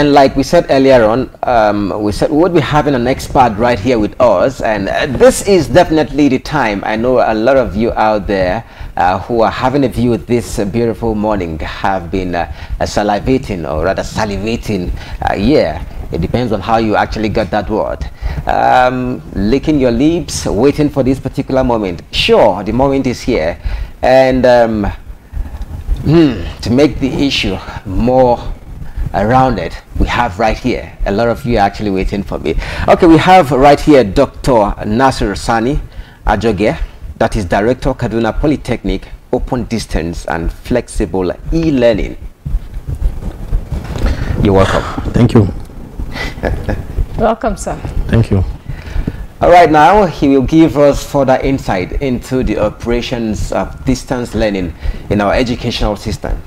And like we said earlier on, um, we said we would be having an expert right here with us, and uh, this is definitely the time. I know a lot of you out there uh, who are having a view this uh, beautiful morning have been uh, salivating, or rather salivating. Uh, yeah, it depends on how you actually got that word. Um, licking your lips, waiting for this particular moment. Sure, the moment is here, and um, hmm, to make the issue more around it we have right here a lot of you are actually waiting for me okay we have right here dr nasir sani ajoge that is director kaduna polytechnic open distance and flexible e-learning you're welcome thank you welcome sir thank you all right now he will give us further insight into the operations of distance learning in our educational system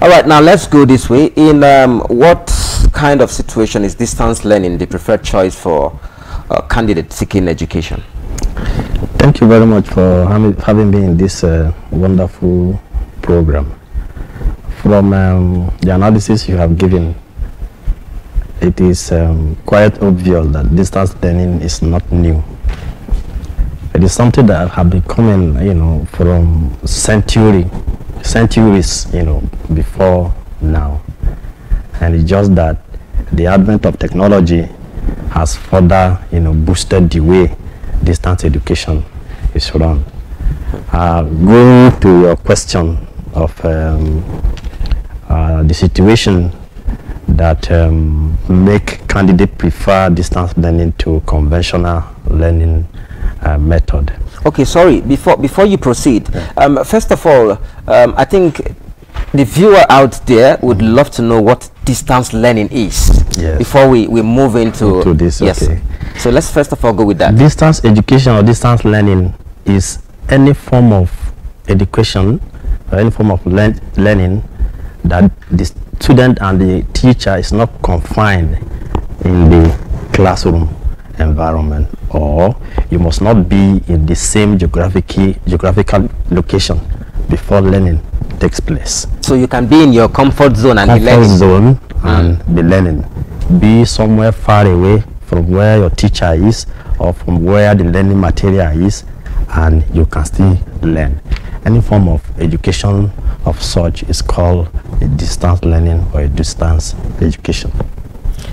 all right now let's go this way in um, what kind of situation is distance learning the preferred choice for uh, candidates seeking education thank you very much for having me in this uh, wonderful program from um, the analysis you have given it is um, quite obvious that distance learning is not new it is something that have been coming you know from century century is, you know, before now. And it's just that the advent of technology has further, you know, boosted the way distance education is run. Uh, going to your question of um, uh, the situation that um, make candidate prefer distance learning to conventional learning uh, method. Okay, sorry. Before before you proceed, yeah. um, first of all, um, I think the viewer out there would mm. love to know what distance learning is yes. before we, we move into, into this. Yes. Okay. So let's first of all go with that. Distance education or distance learning is any form of education or any form of learning that the student and the teacher is not confined in the classroom environment or you must not be in the same geographic, geographical location before learning takes place. So you can be in your comfort zone and comfort be learning. zone ah. and mm. be learning. Be somewhere far away from where your teacher is or from where the learning material is and you can still learn. Any form of education of such is called a distance learning or a distance education.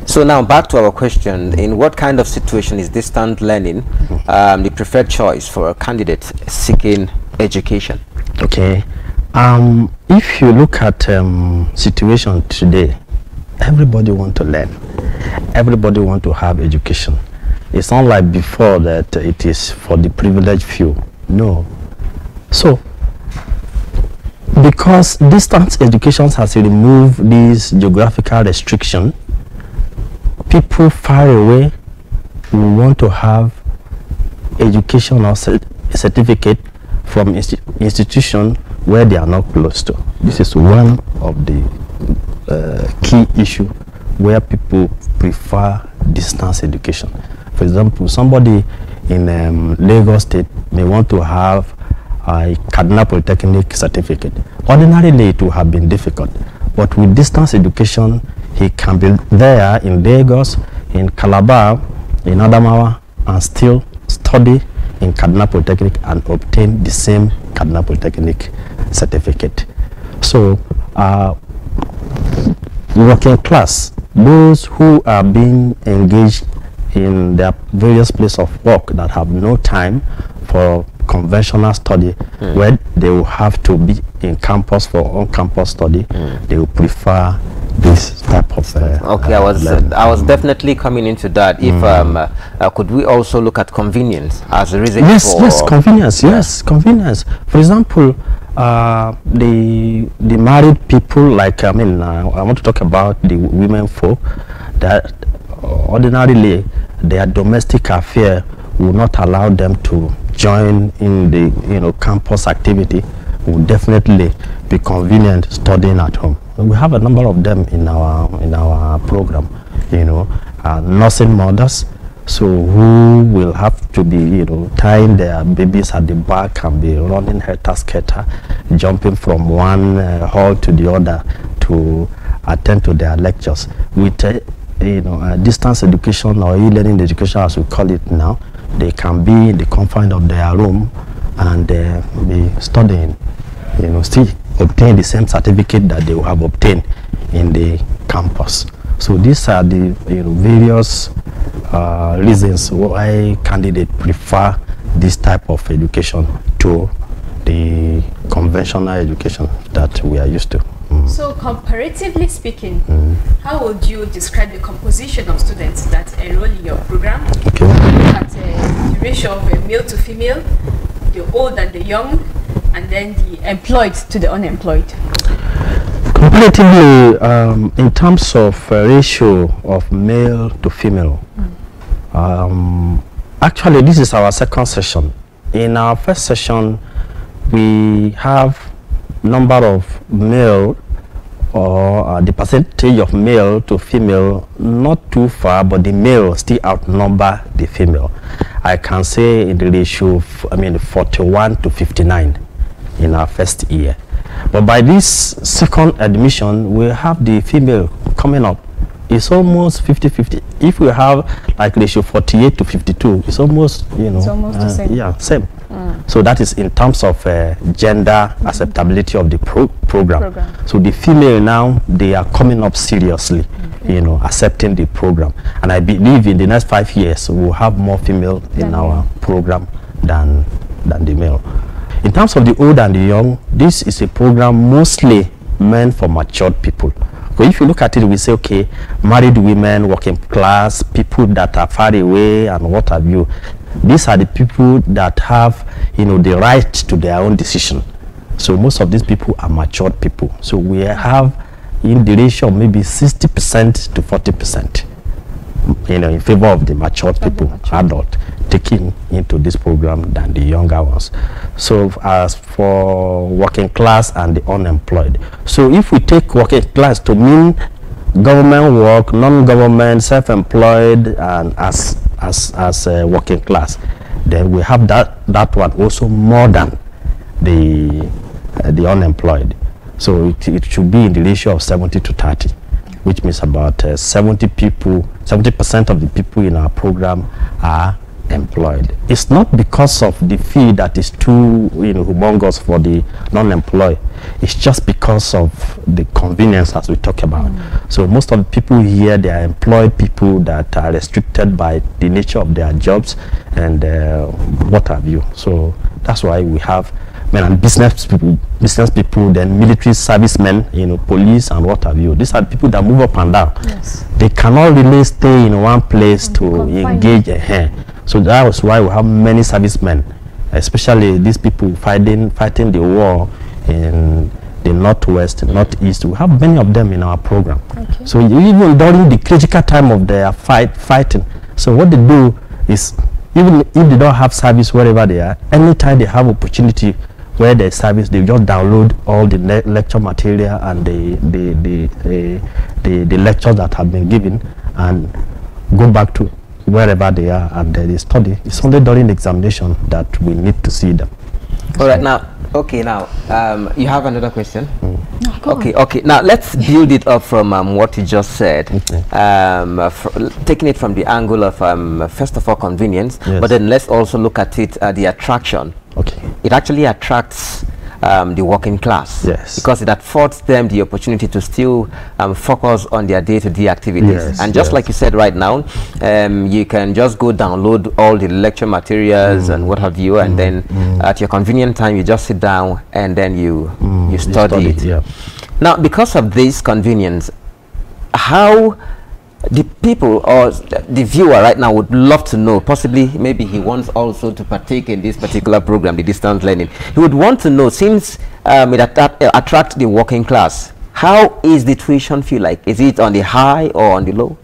So now back to our question: In what kind of situation is distant learning um, the preferred choice for a candidate seeking education? Okay, um, if you look at um, situation today, everybody want to learn, everybody want to have education. It's not like before that it is for the privileged few. No, so because distance education has removed this geographical restriction people far away who want to have educational certificate from instit institution where they are not close to. This is one of the uh, key issue where people prefer distance education. For example, somebody in um, Lagos State may want to have a Cardinal Polytechnic certificate. Ordinarily, it would have been difficult, but with distance education, he can be there in Lagos, in Calabar, in Adamawa, and still study in Kaduna Polytechnic and obtain the same Kaduna Polytechnic certificate. So, uh, working class, those who are being engaged in their various places of work that have no time for conventional study mm. where they will have to be in campus for on-campus study mm. they will prefer this type of uh, okay uh, i was uh, i was definitely coming into that if mm. um, uh, could we also look at convenience as a reason yes for yes convenience yes convenience for example uh, the the married people like i mean uh, i want to talk about the women folk that ordinarily their domestic affair will not allow them to join in the you know campus activity will definitely be convenient studying at home. We have a number of them in our in our program, you know, uh, nursing mothers, so who will have to be you know tying their babies at the back and be running helter-skelter, jumping from one uh, hall to the other to attend to their lectures with uh, you know, uh, distance education or e-learning education, as we call it now, they can be in the confines of their room and uh, be studying, you know, still obtain the same certificate that they have obtained in the campus. So these are the you know, various uh, reasons why candidates prefer this type of education to the conventional education that we are used to. So comparatively speaking, how would you describe the composition of students that enroll in your program? Okay. at uh, the ratio of uh, male to female, the old and the young, and then the employed to the unemployed. Comparatively, um, in terms of uh, ratio of male to female, mm. um, actually this is our second session. In our first session, we have number of male or uh, the percentage of male to female not too far but the male still outnumber the female i can say in the ratio of, i mean 41 to 59 in our first year but by this second admission we have the female coming up it's almost 50 50 if we have like ratio 48 to 52 it's almost you know it's almost uh, the same yeah same Mm. So that is in terms of uh, gender mm -hmm. acceptability of the pro program. program. So the female now, they are coming up seriously, okay. you know, accepting the program. And I believe in the next five years, we'll have more female in our program than, than the male. In terms of the old and the young, this is a program mostly meant for matured people. So if you look at it, we say, okay, married women, working class, people that are far away and what have you. These are the people that have, you know, the right to their own decision. So most of these people are matured people. So we have in the ratio maybe 60% to 40%, you know, in favor of the matured people, adult, taking into this program than the younger ones. So as for working class and the unemployed. So if we take working class to mean government work, non-government, self-employed, and as as as uh, working class then we have that that one also more than the uh, the unemployed so it, it should be in the ratio of 70 to 30 which means about uh, 70 people 70 percent of the people in our program are employed. It's not because of the fee that is too you know, humongous for the non-employed. It's just because of the convenience as we talk about. Mm. So most of the people here, they are employed people that are restricted by the nature of their jobs and uh, what have you. So that's why we have men and business people, business people, then military servicemen, you know, police and what have you. These are people that move up and down. Yes. They cannot really stay in one place mm, to Confined. engage. Uh, so that was why we have many servicemen, especially these people fighting fighting the war in the northwest, northeast. We have many of them in our program. Okay. So even during the critical time of their fight fighting, so what they do is even if they don't have service wherever they are, anytime they have opportunity where they service, they just download all the le lecture material and the the the, the eh, the the lectures that have been given and go back to wherever they are and they study. It's only during examination that we need to see them. All right, now, okay, now, um, you have another question? Mm. No, okay, on. okay, now let's build it up from um, what you just said, okay. um, uh, taking it from the angle of, um, first of all, convenience, yes. but then let's also look at it, uh, the attraction. Okay. It actually attracts um, the working class. Yes. Because it affords them the opportunity to still um, focus on their day-to-day -day activities. Yes, and just yes. like you said right now, um, you can just go download all the lecture materials mm. and what have you, and mm. then mm. at your convenient time, you just sit down and then you, mm. you study, you study it. Yeah. Now, because of this convenience, how the people or the viewer right now would love to know possibly maybe he wants also to partake in this particular program the distance learning he would want to know since um, it attract, uh, the working class how is the tuition feel like is it on the high or on the low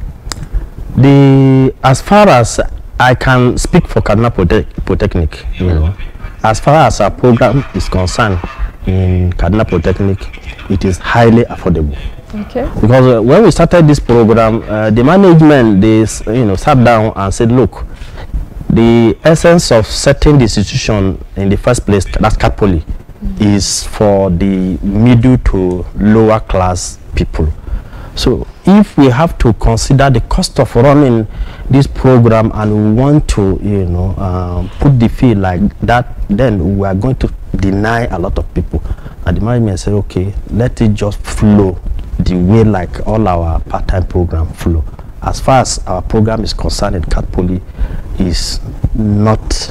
the as far as i can speak for kaduna Poly polytechnic you know as far as our program is concerned in kaduna polytechnic it is highly affordable Okay. Because uh, when we started this program, uh, the management they you know sat down and said, look, the essence of setting the institution in the first place, that's Capoli, mm -hmm. is for the middle to lower class people. So if we have to consider the cost of running this program and we want to, you know, um, put the fee like that, then we are going to deny a lot of people. And the management said, okay, let it just flow the way like all our part-time program flow. As far as our program is concerned in is not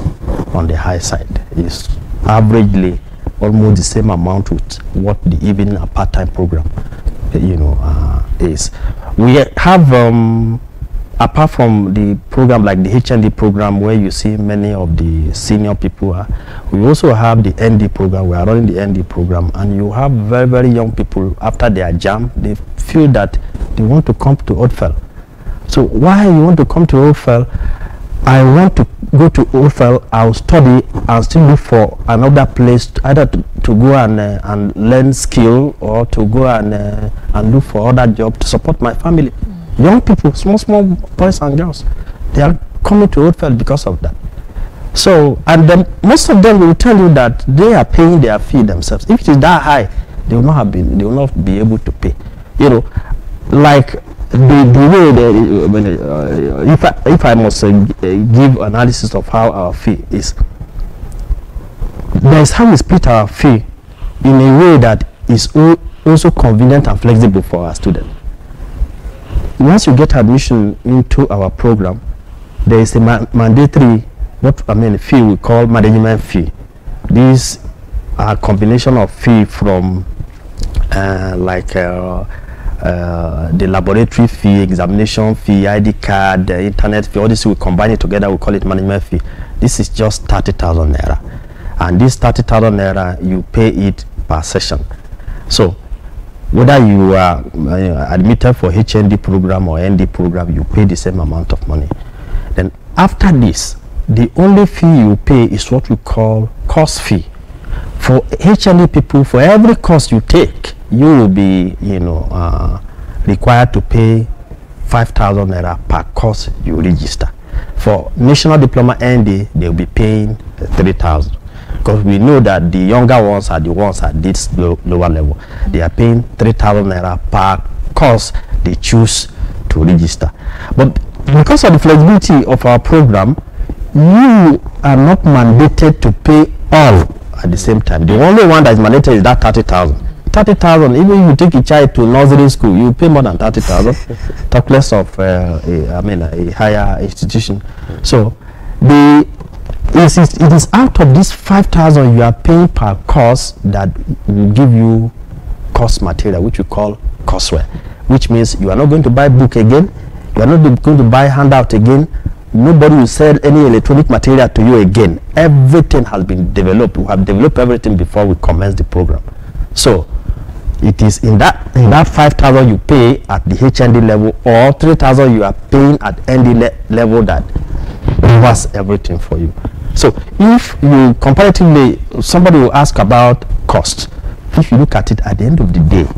on the high side. It's averagely almost the same amount with what the even a part-time program, you know, uh, is. We have um, apart from the program like the HND program where you see many of the senior people are, we also have the ND program. We are running the ND program and you have very, very young people after their jam, they feel that they want to come to Oldfell. So why you want to come to Oldfell? I want to go to Oldfell, I'll study and still look for another place to either to, to go and, uh, and learn skill or to go and, uh, and look for other job to support my family. Mm. Young people, small, small boys and girls, they are coming to Oldfield because of that. So, and most of them will tell you that they are paying their fee themselves. If it is that high, they will not have been, they will not be able to pay. You know, like the, the way that, uh, uh, if, I, if I must uh, give analysis of how our fee is, there is how we split our fee in a way that is also convenient and flexible for our students once you get admission into our program, there is a ma mandatory, what I mean, fee we call management fee. These are combination of fee from uh, like uh, uh, the laboratory fee, examination fee, ID card, internet fee, all this we combine it together, we call it management fee. This is just 30,000 naira. And this 30,000 naira, you pay it per session. So whether you are uh, admitted for HND program or ND program, you pay the same amount of money. Then after this, the only fee you pay is what we call cost fee. For HND people, for every course you take, you will be, you know, uh, required to pay 5,000 naira per course you register. For national diploma ND, they'll be paying 3,000. Because we know that the younger ones are the ones at this low, lower level. They are paying 3,000 naira per course they choose to register. But because of the flexibility of our program, you are not mandated to pay all at the same time. The only one that is mandated is that 30,000. 30,000, even if you take a child to nursery school, you pay more than 30,000, talk less of, uh, a, I mean, a higher institution. So the it is, it is out of this 5,000 you are paying per course that will give you course material, which we call courseware, which means you are not going to buy book again, you are not going to buy handout again, nobody will sell any electronic material to you again. Everything has been developed. We have developed everything before we commence the program. So it is in that in that 5,000 you pay at the HND level or 3,000 you are paying at ND le level that covers everything for you. So if you comparatively, somebody will ask about cost. If you look at it at the end of the day,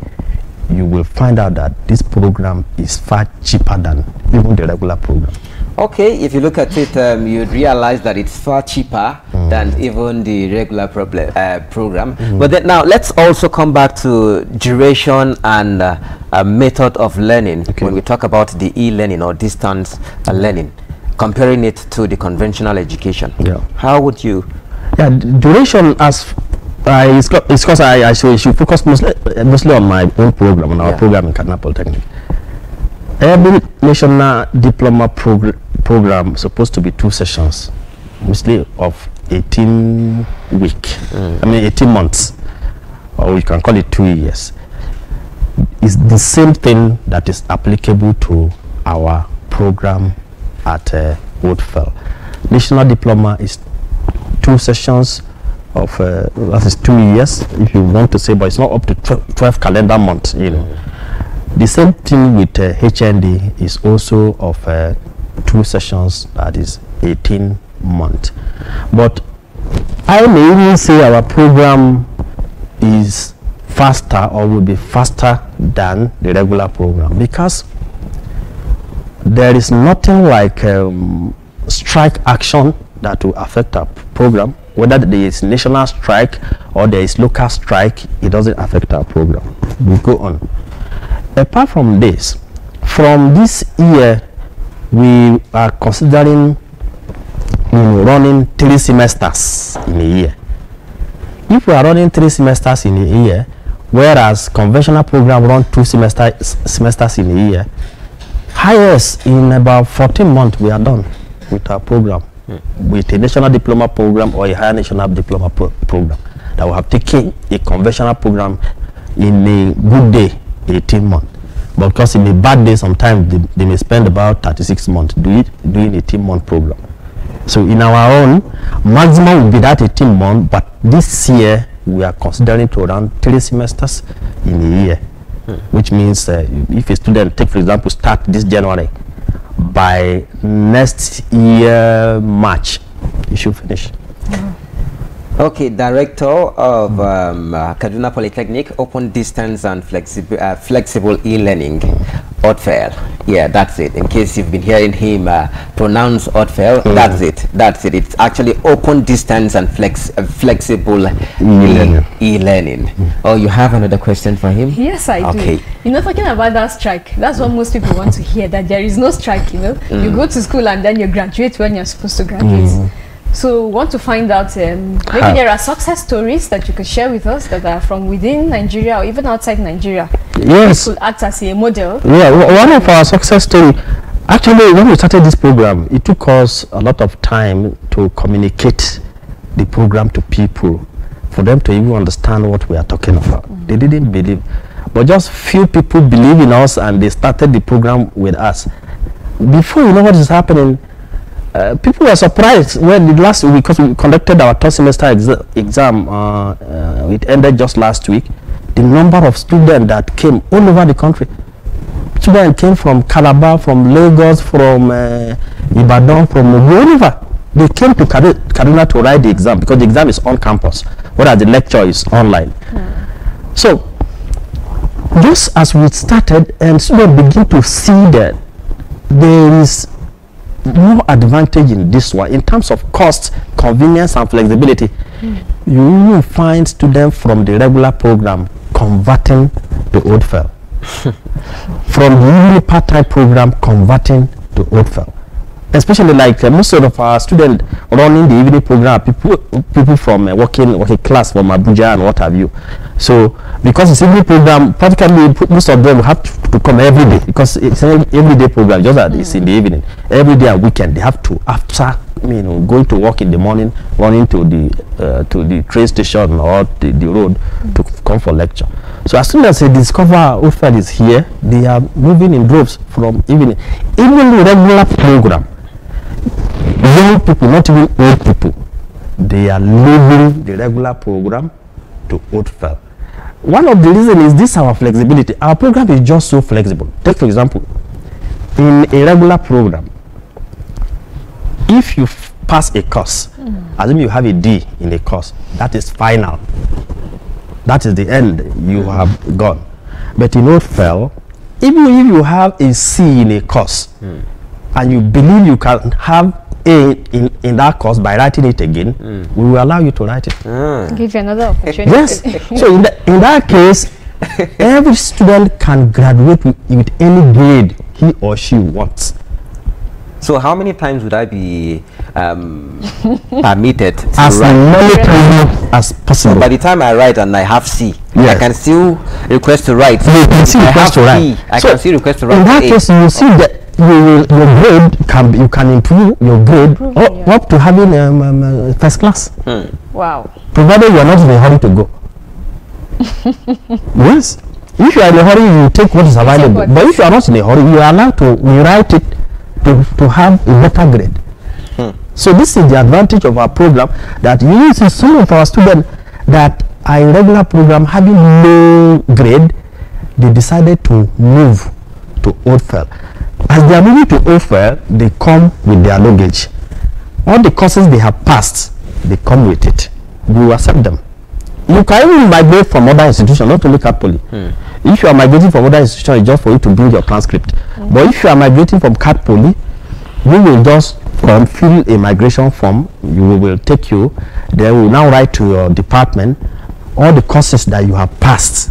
you will find out that this program is far cheaper than even the regular program. Okay, if you look at it, um, you'd realize that it's far cheaper mm. than even the regular problem, uh, program. Mm. But then now let's also come back to duration and uh, method of learning okay. when we talk about the e-learning or distance uh, learning comparing it to the conventional education. Yeah. How would you? Yeah, duration as I, it's because I, I should, should focus mostly, mostly on my own program, on our yeah. program in Kaduna Polytechnic. Every national diploma progr program supposed to be two sessions, mostly of 18 week, mm. I mean 18 months, or we can call it two years. It's the same thing that is applicable to our program at uh, Woodfell. National diploma is two sessions of uh, that is two years if you want to say but it's not up to 12, 12 calendar months you know the same thing with uh, hnd is also of uh, two sessions that is 18 month but i may even say our program is faster or will be faster than the regular program because there is nothing like um, strike action that will affect our program. Whether there is national strike or there is local strike, it doesn't affect our program. we go on. Apart from this, from this year, we are considering you um, know, running three semesters in a year. If we are running three semesters in a year, whereas conventional program run two semesters semesters in a year, highest in about 14 months we are done with our program hmm. with a national diploma program or a higher national diploma pro program that we have taken a conventional program in a good day 18 months but because in a bad day sometimes they, they may spend about 36 months doing doing 18 month program so in our own maximum will be that 18 months but this year we are considering to run three semesters in a year which means uh, if a student, take for example, start this January, by next year March, you should finish. Mm-hmm. Okay, Director of um, uh, Kaduna Polytechnic, Open Distance and Flexible uh, Flexible E-Learning. Odfel, Yeah, that's it. In case you've been hearing him uh, pronounce Odfel, mm. that's it. That's it. It's actually open distance and flex uh, flexible mm. e-learning. E mm. Oh, you have another question for him? Yes, I okay. do. You know, talking about that strike, that's what most people want to hear, that there is no strike, you know. Mm. You go to school and then you graduate when you're supposed to graduate. Mm. So want to find out, um, maybe there are success stories that you could share with us that are from within Nigeria or even outside Nigeria. Yes. Could act as a model. Yeah, one of our success story. Actually, when we started this program, it took us a lot of time to communicate the program to people, for them to even understand what we are talking about. Mm -hmm. They didn't believe. But just few people believe in us and they started the program with us. Before you know what is happening, uh, people were surprised when last week because we conducted our third semester ex exam uh, uh, it ended just last week the number of students that came all over the country students came from calabar from lagos from uh, ibadan from wherever they came to kaduna to write the exam because the exam is on campus whereas the lecture is online mm. so just as we started and students begin to see that there is more advantage in this one in terms of cost, convenience, and flexibility. Mm. You will find students from the regular program converting to Oldfell. from the part-time program converting to Oldfell especially like uh, most of our students running the evening program people people from uh, working working class from abuja and what have you so because it's evening program practically most of them have to, to come every day because it's an everyday program just that mm. it's in the evening every day and weekend they have to after you know going to work in the morning running to the uh, to the train station or the, the road mm. to come for lecture so as soon as they discover Ufad is here they are moving in droves from evening even the regular program young people, not even old people, they are leaving the regular program to Oatfell. One of the reasons is this our flexibility. Our program is just so flexible. Take, for example, in a regular program, if you pass a course, mm. assume you have a D in a course, that is final. That is the end you have gone. But in Oatfell, even if you have a C in a course, mm. and you believe you can have in, in, in that course by writing it again, mm. we will allow you to write it. Mm. Give you another opportunity. Yes. so in, the, in that case, every student can graduate with, with any grade he or she wants. So how many times would I be um, permitted to as write? many times as possible? by the time I write and I have C, yes. I can still request to write. You can still request to write. I so can still request to write. In that case, you will see that you will, your grade can you can improve your grade improve, up, yeah. up, to having um, um, uh, first class. Hmm. Wow. Provided you are not in a hurry to go. yes. If you are in a hurry, you take what is available. But if you are not in a hurry, you are allowed to rewrite it to, to have a better grade. Hmm. So this is the advantage of our program that you see some of our students that are in regular program having low grade, they decided to move to Oldfell. As they are moving to offer, they come with their luggage. All the courses they have passed, they come with it. You accept them. You can even migrate from other institutions, not only Catholic. Hmm. If you are migrating from other institutions, it's just for you to bring your transcript. Hmm. But if you are migrating from Cat we will just fill a migration form. You will take you. They will now write to your department all the courses that you have passed.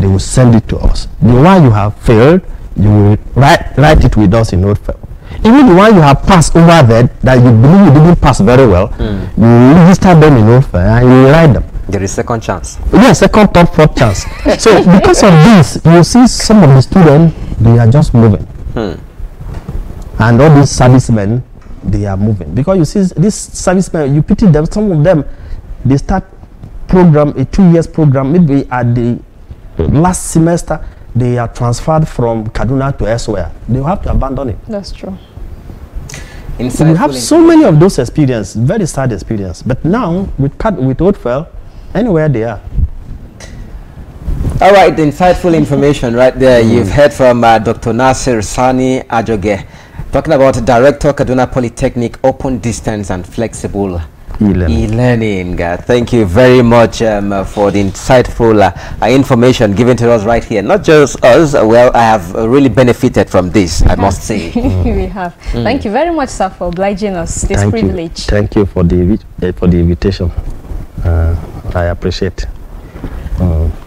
They will send it to us. The one you have failed, you will write, write it with us in note file. Even the one you have passed over there that you believe you didn't pass very well, mm. you register them in note file and you write them. There is second chance. Yes, second, third, fourth chance. so because of this, you see some of the students they are just moving, hmm. and all these servicemen they are moving because you see these servicemen you pity them. Some of them they start program a two years program maybe at the last semester they are transferred from Kaduna to elsewhere. They have to abandon it. That's true. Insightful we have so many of those experiences, very sad experience. But now, with, Cad with Oldfell, anywhere they are. All right, insightful information right there. Mm. You've heard from uh, Dr. Nasir Sani Ajoge talking about Director Kaduna Polytechnic, open distance and flexible e-learning. e Uh, thank you very much um, uh, for the insightful uh, uh information given to us right here. Not just us. Uh, well, I have uh, really benefited from this, we I have. must say. Mm. we have. Mm. Thank you very much, sir, for obliging us this thank privilege. You. Thank you for the eh, for the invitation. I appreciate. Um,